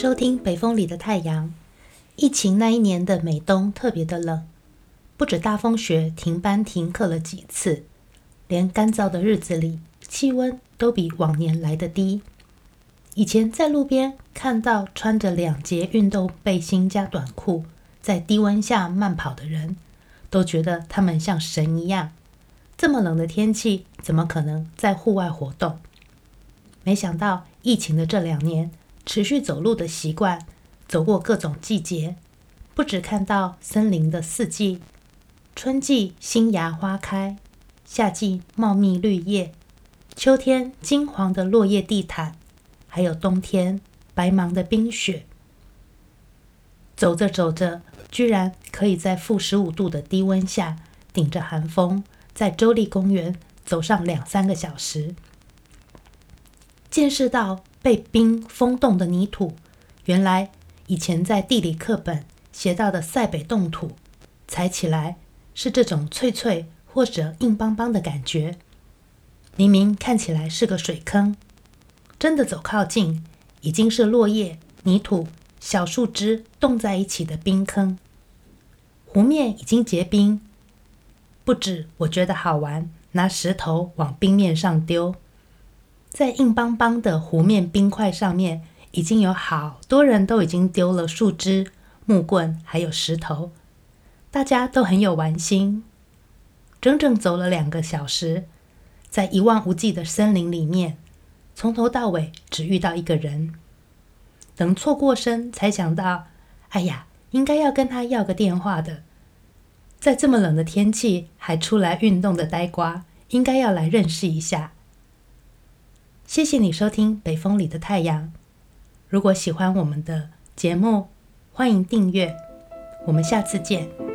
收聽《北風裡的太陽》。疫情那一年的美東特別的冷，不止大風雪，停班停課了幾次，連乾燥的日子裡，氣溫都比往年來得低。以前在路邊看到穿着兩截運動背心加短褲，在低溫下慢跑的人，都覺得他們像神一樣。這麼冷的天氣，怎麼可能在戶外活動？沒想到疫情的這兩年。持續走路的習慣，走過各種季節，不只看到森林的四季：春季新芽花開，夏季茂密綠葉，秋天金黃的落葉地毯，還有冬天白茫的冰雪。走着走着，居然可以在負十五度的低溫下，頂着寒風，在州立公園走上兩三個小時，見識到。被冰封凍的泥土，原來以前在地理課本學到的塞北凍土，踩起來是這種脆脆或者硬邦邦的感覺。明明看起來是個水坑，真的走靠近，已經是落葉、泥土、小樹枝凍在一起的冰坑。湖面已經結冰，不只我覺得好玩，拿石頭往冰面上丟。在硬邦邦的湖面冰塊上面，已經有好多人都已經丟了樹枝、木棍，還有石頭。大家都很有玩心，整整走了兩個小時，在一望無際的森林裡面，從頭到尾只遇到一個人。等錯過身，才想到，哎呀，應該要跟他要個電話的。在這麼冷的天氣還出來運動的呆瓜，應該要來認識一下。謝謝你收聽《北風裡的太陽》。如果喜歡我們的節目，歡迎訂閱。我們下次見。